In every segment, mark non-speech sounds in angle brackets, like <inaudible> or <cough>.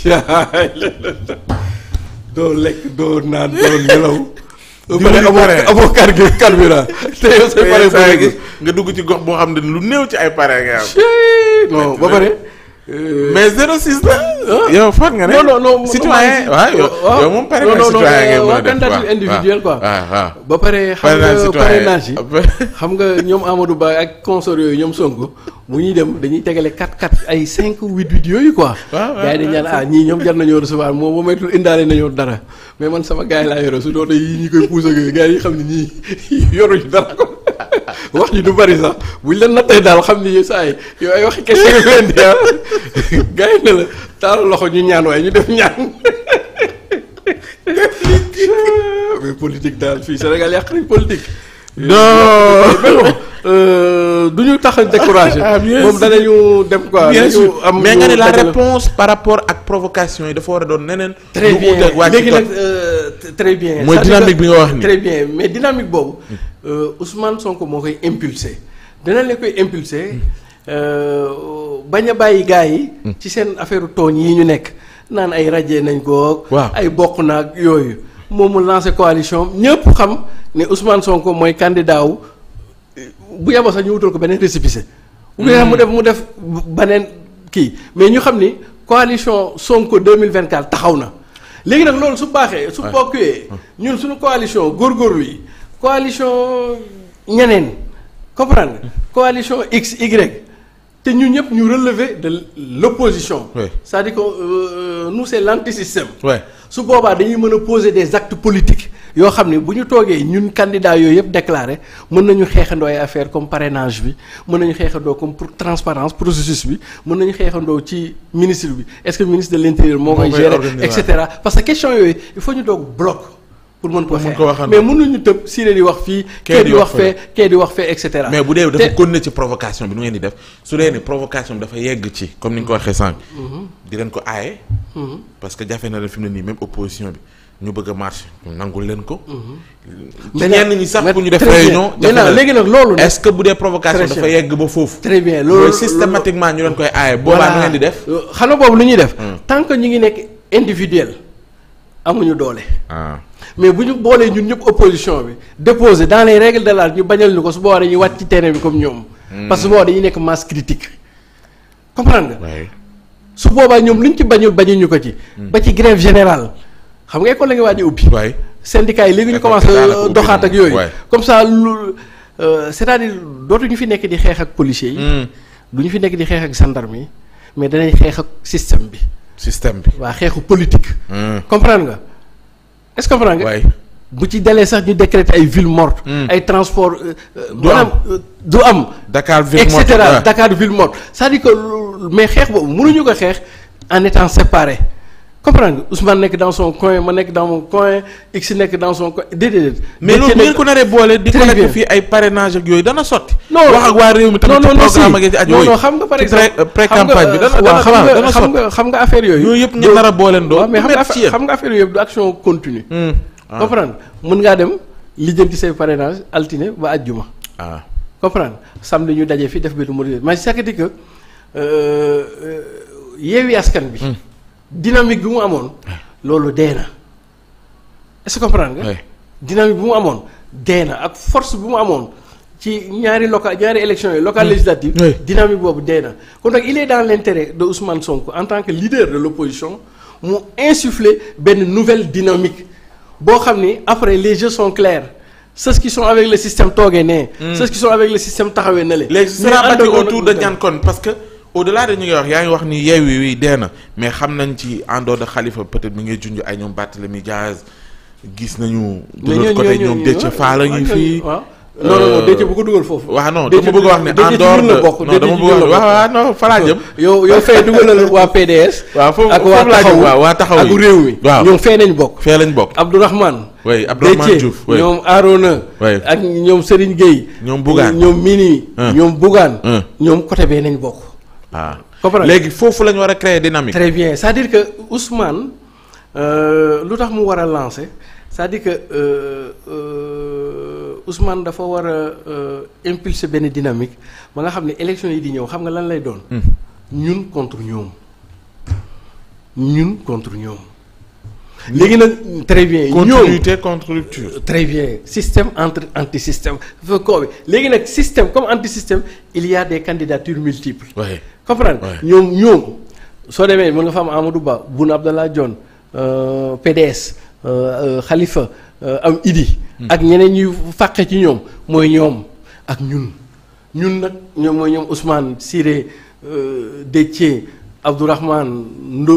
<laughs> doo lekk doo naan doo nelaw. diwlu pare amoo amoo carburant <laughs> te yow say pare nga dugg ci gox boo xam ne lu néew ci ay pare nga am. ba pare. Euh, mais 06 la. yow foog nga ne. non non non citoyen waaw yow ah, yow moom pare nga citoyen ngay mën a def candidature individuelle quoi. ba pare xam nga parrainage yi <laughs> xam nga ñoom Amadou Ba ak consort yooyu ñoom Sonko bu ñuy dem dañuy tegale 4 4 ay 5 8 8 yooyu quoi. waaw waaw gars yi dañu naan ah ñii ñoom jar nañoo recevoir moom moom itul indaale nañoo dara mais man sama gars yi laa yore su doon yii ñi koy puus ak yooyu gars yi xam ne ñii <laughs> yoruñu dara ko wax ji du bari sax buñ la nattee daal xam ni saa yi yow ay waxi kese nga leen di ah gars yi ne la taal loxo ñu ñaan waaye ñu def ñaan. mais politique daal fii Sénégal yàq nañ politique. non du ñu tax a découragé. Ah, moom danañu dem quoi. am mais nga ne la réponse par rapport ak provocation yi dafa a doon neneen. très bien léegi nag euh, très bien. mooy dynamique bi nga wax nii. bien mais dynamique boobu hmm. euh, Ousmane Sonko moo koy impulsé dinañ la koy impulsé hmm. euh, bañ a bàyyi gars yi. Hmm. ci seen affaire tooñ yi ñu nekk naan ay rajee nañ ko. waaw ay bokk naag yooyu. moom mu lancé coalition ñëpp xam ne Ousmane Sonko mooy candidat wu. bu yeboo sax ñu wutal ko beneen récépissé. ou mu def mu def beneen kii mais ñu xam ni coalition Sonko 2024 taxaw na léegi nag loolu su baaxee. su bokkuwee ñun suñu coalition góorgóorlu yi coalition ñeneen comprendre nga. Mm. coalition X Y. te ñu ñëpp ñu relever de l'opposition cest di dire que euh, euh, nous c'est l'antisystème su boobaa dañuy mën a poser des actes politiques yoo xam ne bu ñu toogee ñun candidat yooyu yëpp déclaré mën nañu xeexandoo ay affaire comme parrainage bi mën nañu xeexandoo comme pour transparence processus bi mën nañu xeexandoo ci ministre bi est-ce que ministre de l'intérieur moo koy gérer et parce que question yooyu il faut ñu doog bloc pour mën ko xeex mais mënuñu tëb Siré di wax fii kee di wax fee kee di wax fee et cetera mais bu dee dafa continuer ci provocation bi nu ngeen def su dee ne mm-hmm. provocation dafa yegg ci comme ni nga ko waxee sànq mm-hmm. leen ko aaye mm-hmm. que jafe na leen fi mu bi ñu bëgg a marché leen ko. Mhm. mais ñenn ñi sax bu ñu def réunion. jafe léegi nag loolu nag est-ce que bu dee provocation dafa yegg ba foofu. très bien loolu loolu ñu leen koy aaye. boobaa nu ngeen di def. xale boobu lu ñuy def. Hmm. tant que ñu ngi nekk individuel amuñu doole. Ah. mais bu ñu boolee ñun ñëpp opposition bi déposer dans les règles de l'art ñu bañal ñu ko su boobaa dañuy wàcc ci terrain bi comme ñoom. Hmm. parce que su boobaa dañuy nekk masse critique comprendre nga. su boobaa ñoom luñ ci bañul bañuñu ko ci. Hmm. ba ci grève général xam nga école la nga waaj a ubbi. waay syndicat yi léegi ñu commencé doxaat ak yooyu. comme ça lu euh, c'est-à-dire ñu fi nekk di xeex ak policiers yi. Hmm. duñu fi nekk di xeex ak gendarme yi mais danañ xeex ak système bi. système bi waa xeexu politique. Hmm. comprendre nga est-ce que comprendre nga. bu ci dalee sax ñu décréter ay ville morte hmm. ay transport euh, euh, maanaam du am Dakar ville morte et cetera Dakar ville morte c'est-à-dire que mais xeex boobu mënuñu ko xeex en étant séparé comprendre nga Ousmane nekk dans son coin ma nekk dans mon nekk dans son mais loolu ngeen fii ay parrainage yooyu dana sotti. non waa réew mi tamit ci programme ak par exemple euh, pré xam nga xam nga affaire yooyu. yooyu yëpp ngeen a boole ndoo. mais xam nga affaire hmm. ah. mën ngaa dem lijjanti say parrainage altine ba àjjuma. waaw ah. comprendre samedi ñu daje fi def benn modulé mais c'est que euh, euh, yeewi askan bi. dynamique bi mu amoon. loolu dee na est-ce que comprendre nga. dynamique bi mu amoon dee na ak force bi mu amoon ci ñaari local ñaari élections yi. locales législatives. dynamique boobu dee na kon nag il est dans l'intérêt de Ousmane Sonko en tant que leader de l'opposition mu insuffler benn nouvelle dynamique boo xam ni après les jeux sont clairs. ceux qui sont avec le système toogee ne. Hmm. ceux qui sont avec le système taxawee na le. léegi sera battu autour de Niancone parce que. au de ñu ngi wax yaa ngi wax ni Yewwi wi dee na mais xam nañ ci en dehors de Khalifa mi ngi junj ay ñoom Barthélémy Diaz gis nañu. de l'autre côté a ngi fii. non dugal foofu. waaw non dama ne en bokk non dama bëgg wax waaw non fa laa jëm. yow yow fee <laughs> waa taxaw yi ak mi. waaw ñoom fee nañ bokk. fee lañ bokk Abdourahmane. oui Abdourahmane Diouf oui ñoom Arona. ak ñoom Serigne Gueye. ñoom Bougane ñoom Mini. ñoom bugaan ñoom côté bee nañ bokk. ah léegi foofu la war a créer dynamique. très bien c'est-à-dire que Ousmane euh, lu tax mu war a lancer c'est-à-dire que euh, euh, Ousmane dafa war a euh, impulser benn dynamique ba nga xam ne élection yi di ñëw xam nga lan lay doon. Hmm. ñun contre ñoom ñun contre ñoom. léegi nag très bien. ñoom continuité contre rupture. très bien système entre antisystème fa koo bi léegi nag système comme antisystème il y a des candidatures multiples. oui comprendre ñoom ñoom soo demee mën nga fa am Amadou Ba Boun Abdallah Dionne euh, PDS euh, euh, Khalifa am Idi. Hmm. ak ñeneen ñuy fàqe ci ñoom mooy ñoom ak ñun ñun nag ñoom mooy ñoom Ousmane Siré Déthié. Abdourahmane Ndo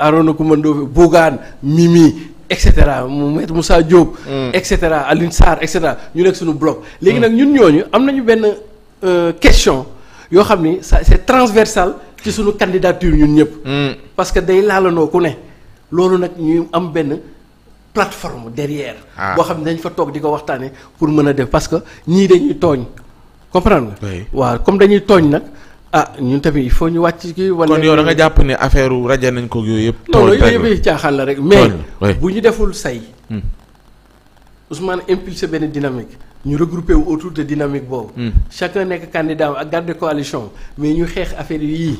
Arona Coumba Ndoffé Bougane Mimi et cetera Maître Moussa Diop. Mm. et cetera Alioune Sarr et cetera ñu nekk suñu bloc. léegi nag ñun ñooñu am nañu benn euh, question yoo xam ni ça c'est transversal ci suñu candidature ñun ñëpp. Mm. parce que day laalanoo ku ne loolu nag ñu am benn. plateforme derrière. Ah. boo xam ne dañu fa toog di ko waxtaanee pour mën a def parce que ñii dañuy tooñ comprendre waa comme dañuy tooñ nag. ah ñun tamit il faut ñu wàcc kii. wala kon yow da nga jàpp ne affaire rajo nañ ko yooyu yëpp. tool rek non yooyu caaxaan la rek. mais bu ñu deful say. Hmm. Ousmane impulsé benn dynamique. ñu regroupé wu autour de dynamique boobu. Hmm. chacun nekk candidat ak garde coalition mais ñu xeex affaire yii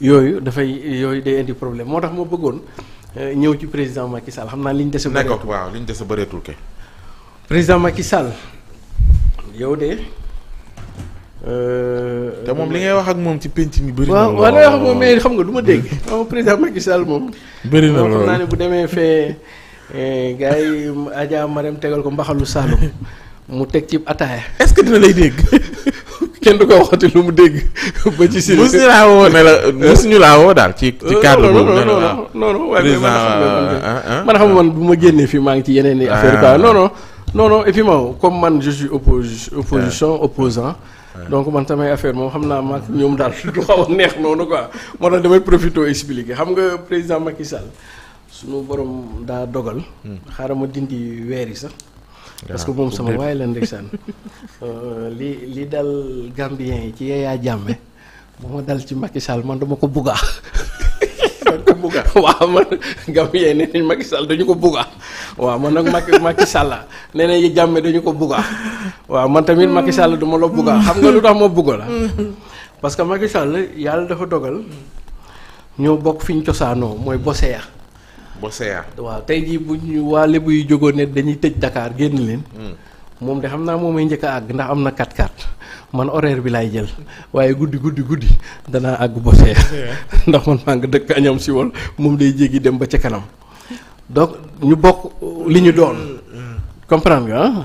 yooyu dafay yooyu day indi problème moo tax ma bëggoon euh, ñëw ci président Macky Sall xam naa li ñu dese. bëreetul nekk waaw li ñu dese bëreetul kay. président Macky Sall yow de. Euh, te moom li ngay wax ak moom ci penc mi bëri na. waaw mais xam nga du ma dégg. non <laughs> président Macky Sall moom. demee fee eh, gars yi Adja Marème tegal ko mbaxalu Saloum mu teg ci ataaya. est-ce que dina lay dégg. <laughs> kenn du ko waxati lu mu dégg <laughs> ba ci. si mosu ñu laa woo la daal ci ci cadre boobu. nee na non non waaye man xam ah, ah, man xam ah. man bu ma génnee fii maa ngi ci yeneen i affaire quoi non non comme man je opposition opposant donc man samay affaire moom xam naa ma ñoom daal du xaw a neex noonu quoi moo tax damay profité expliquer xam nga président Macky Sall suñu borom daa dogal. Hmm. xaaral ma dindi weer yi sax. parce moom sama waaye la ndeysaan <laughs> euh, li li daal Gambien yi ci Yaya Jammeh bu ma dal ci Macky Sall man dama ko buggaa <laughs> bugga <laughs> waaw man Gambien nee nañ Macky Sall dañu ko bugga waaw man nag Macky Macky sàlla nee nañ jàmme dañu ko bugga waaw man tamit Macky Sall du ma la bugga mm. xam nga lu tax ma bugga la mm. parce que Macky Sall yàlla dafa dogal ñoo bokk fi ñu cosaanoo mooy Boseya Boseya waaw tey jii bu ñu waa Lébu yu jógoon dañuy tëj dakaar génn leen mm. moom de xam naa moom may njëkk a àgg ndax am na 4-4 man horaire bi laay jël waaye guddi guddi guddi danaa àgg bosee <laughs> ndax man maa ngi dëkk añam si wol moom day jéggi dem ba ca kanam donc ñu bokk li ñu doon comprendre nga ah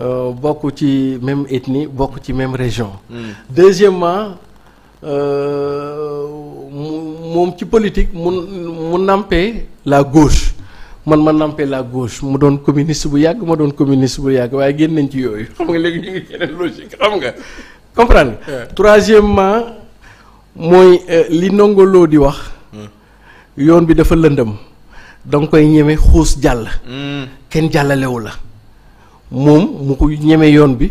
euh, bokk ci même ethnie bokk ci même région hmm. deuxièmement euh, moom ci politique mu mu la gauche man ma nampé la gauche mu doon communiste bu yàgg ma doon communiste bu yàgg waaye génn nañ ci yooyu <laughs> xam nga léegi ñu ngi yeneen logique xam nga comprendre nga. mooy euh, li nongoloo di wax. Hmm. yoon bi dafa lëndam da nga koy ñeme xuus jàll. Hmm. kenn jàllalewu la moom mu ko ñeme yoon bi.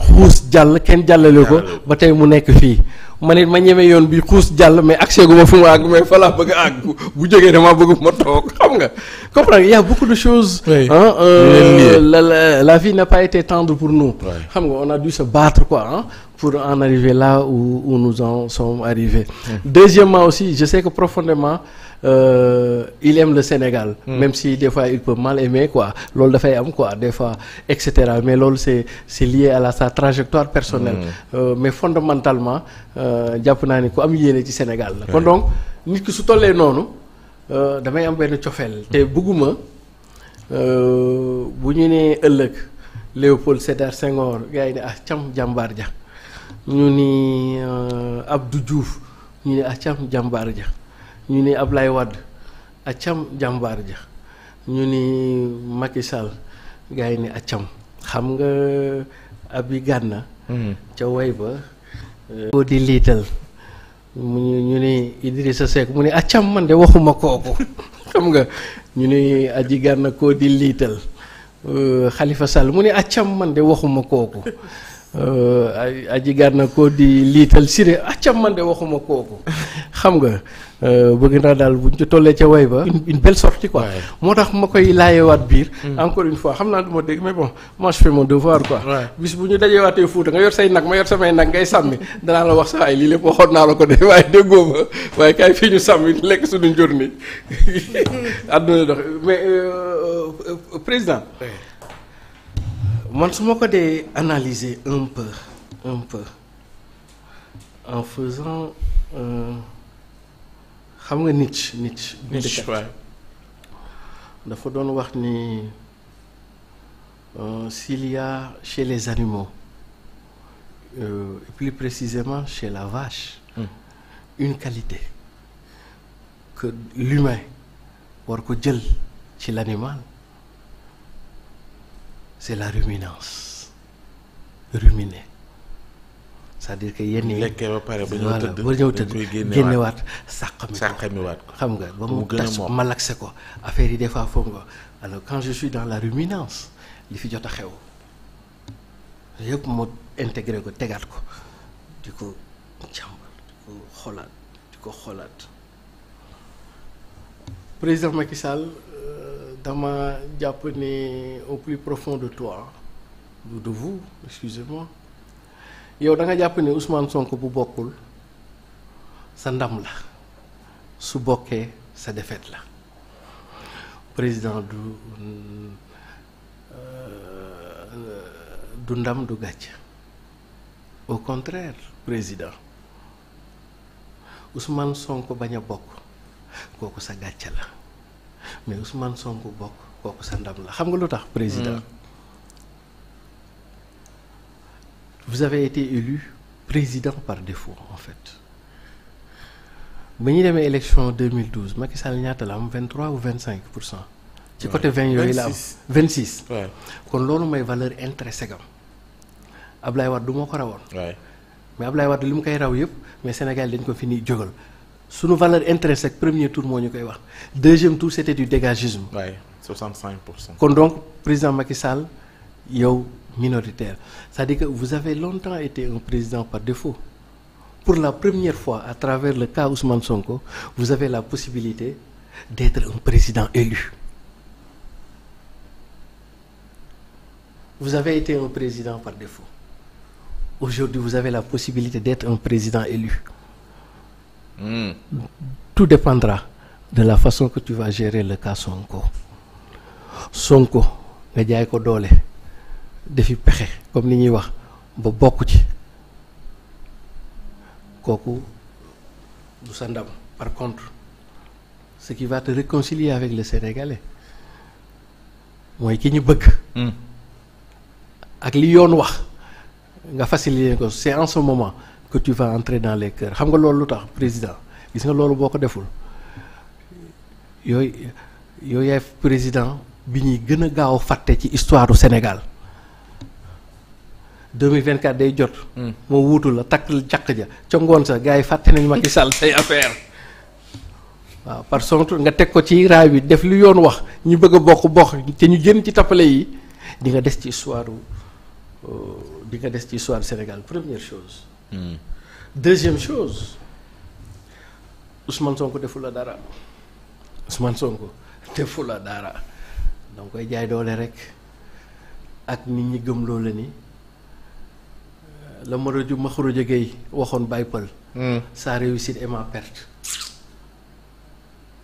xuus jàll kenn jàllale ko ba tey mu nekk fii ma nit ma ñeme yoon bi xuus jàll mais accès gu ma fu mu àgg mais fa laa bëgg a bu jógee damaa bëgg ma toog xam nga comprendre y a beaucoup de choses euh, la, la, la vie n'a pas pour nous xam nga on a dû se battre quoi pour en arriver là où, où nous en sommes arrivés deuxièmement aussi je sais que profondément euh, il aime le Sénégal. Mm. même si des fois il peut mal aimer quoi loolu dafay am quoi des fois et cetera mais loolu c'est c'est lié la sa trajectoire personnelle. Mm. Euh, mais fondamentalement euh, jàpp naa ni ku am yéene ci Sénégal la. kon donc nit ki su tollee noonu euh, damay am benn cofeel te hmm. bëgguma euh, bu ñu nee ëllëg Léopold Sédar Senghor gars yi ne ah cam jàmbaar ja ñu ni Abdou Diouf ñu ne ah cam jàmbaar ja ñu ni ab Ablaye Wade acam jàmbaar ja ñu ni Macky Sall gars ni acam xam nga abi gànna mhm. ca way ba koo euh, di liital mu ñu ni Idrissa Seck mu ni acam man de waxuma kooku <laughs> xam nga ñu ni aji gànna koo di liital euh, Khalifa Sall mu ni acam man de waxuma kooku Euh, aji gàr na ko di liital siré acam ah, man de waxuma kooku xam nga euh, bëgg naa daal buñ ci tollee ca way ba une belle sortie quoi moo tax ma koy waat biir mm. encore une fois xam naa du ma dégg mais bon moi je fais mon devoir quoi bis bu ñu dajeewaatee fuuta nga yor say nag ma yor samay nag ngay sàmmi danaa la wax sa ay lii lépp waxoon naa la ko de waaye déggoo ma waaye kaay fii ñu sàmmi lekk suñu njur ni <laughs> àdduna dox mais euh, président man su ma ko dee analyser un peu un peu en faisant euh, xam nga Nietzsche Nietzsche. dafa doon wax ni euh, s'il y a les animaux euh, et plus précisément chez la vache. Hmm. une qualité que l'humain war ko jël ci l'animal c'est la ruminance ruminer c'est-à-dire que yenn yi lekkee ba pare ba ñëw tëdd ba ñëw tëdd xam nga ba mu tas malaxe ko affaire yi des fois foog nga alors quand je suis dans la ruminance li fi jot a xew yëpp mu intégré ko tegaat ko di ko jàmbal di ko xoolaat di ko xoolaat président Macky Sall euh, dama jàpp ne au plus profond de toi de vous excusez yow da nga jàpp ne Ousmane sonk bu bokkul sa ndam la su bokkee sa défaite la président du euh, du ndam du gàcc au contraire président Ousmane Sonko bañ a bokk kooku sa gàcc la. mais Ousmane Sonko bokk kooku sa ndam la xam nga lu tax président mm. vous avez été élu président par défaut en fait ba ñu demee élection 2012 Macky Sall ñaata la am 23 ou cinq pour cent. ci côté 20 yooyu la am vingt 26. kon loolu mooy valeur intrinsèque am Ablaye Wade du moo ko rawoon. mais Ablaye Wade li mu koy raw yëpp mais Sénégal dañ ko fi ni jógal. suñu valeur intrinsèque premier tour moo ñu koy wax deuxième tour c'était du dégagisme. waaye 65 pour cent. kon donc président Macky Sall yow minoritaire c'est-à-dire que vous avez longtemps été un président par défaut pour la première fois à travers le cas Ousmane Sonko vous avez la possibilité d'être un président élu. vous avez été un président par défaut aujourd'hui vous avez la possibilité d'être un président élu. Mmh. Tout dépendra de la façon que tu vas gérer le cas Sonko Sonko nga jaay ko doole defi pexe comme ni ñuy wax ba bokk ci kooku du sa ndam par contre ce qui va te réconcilier avec le Sénégalais mooy ki ñu bëgg mm. ak li yoon wax nga faciliter ko c'est en ce moment que tu vas entrer dans les cœurs xam nga loolu lu tax président gis nga loolu boo ko deful yooyu yooyu yaay président bi ñuy gën a gaaw fàtte ci histoire du Sénégal 2024 day jot. moo hmm. wuutu la takk jaq ja ca ngoon sa gars yi fàtte nañu Macky sàll tey affaire waa par contre nga teg ko ci raay bi def lu yoon wax ñu bëgg a bokk bokk te ñu génn ci tappale yi di nga des ci histoire euh, di nga des ci histoire Sénégal première chose. deuxième chose Ousmane Sonko defu defula dara Ousmane Sonko defu la dara danga koy jaay doole rek ak nit ñi gëm loola ni la Maroju Makhouroudia Gueye waxoon bay pël hmm. sa réussite est ma perte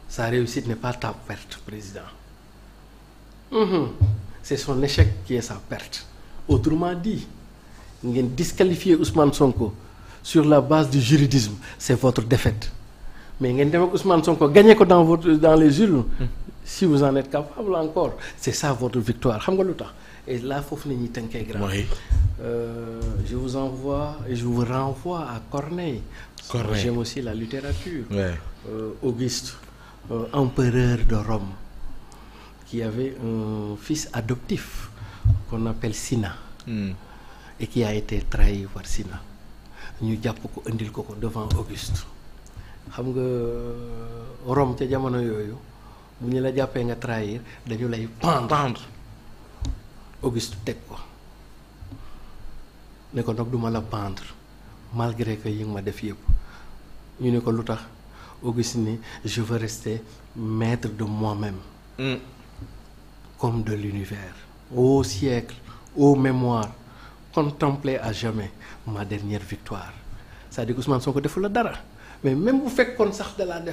sa réussite n'est pas perte président mmh. c'est son échec qui est sa perte autrement dit ngeen disqualifier Ousmane Sonko sur la base du juridisme c'est votre défaite mais ngeen dem ak Ousmane Sonko gagné ko dans votre dans les urnes si vous en êtes capable encore c'est ça votre victoire xam nga lu tax et là foofu la ñuy tënkee grand euh, je vous envoie et je vous renvoie à Corneille Corneille aussi la littérature ouais. euh, Auguste euh, empereur de Rome qui avait un fils adoptif qu'on appelle Cinna hmm. et qui a été trahi par Sina ñu jàpp ko indil ko ko devant Auguste xam nga euh, Rome ca jamono yooyu bu ñu la jàppee nga trahir dañu lay pendre pendre Auguste teg ko ne ko nag duma la pendre malgré que yi ma def yëpp ñu ne ko lu tax Auguste ni je veux rester maître de mois même mm. comme de l'univers au siècle aux mémoires contempler à jamais ma dernière victoire sa à dire soo ko deful la dara mais même bu fekkoon sax da laa def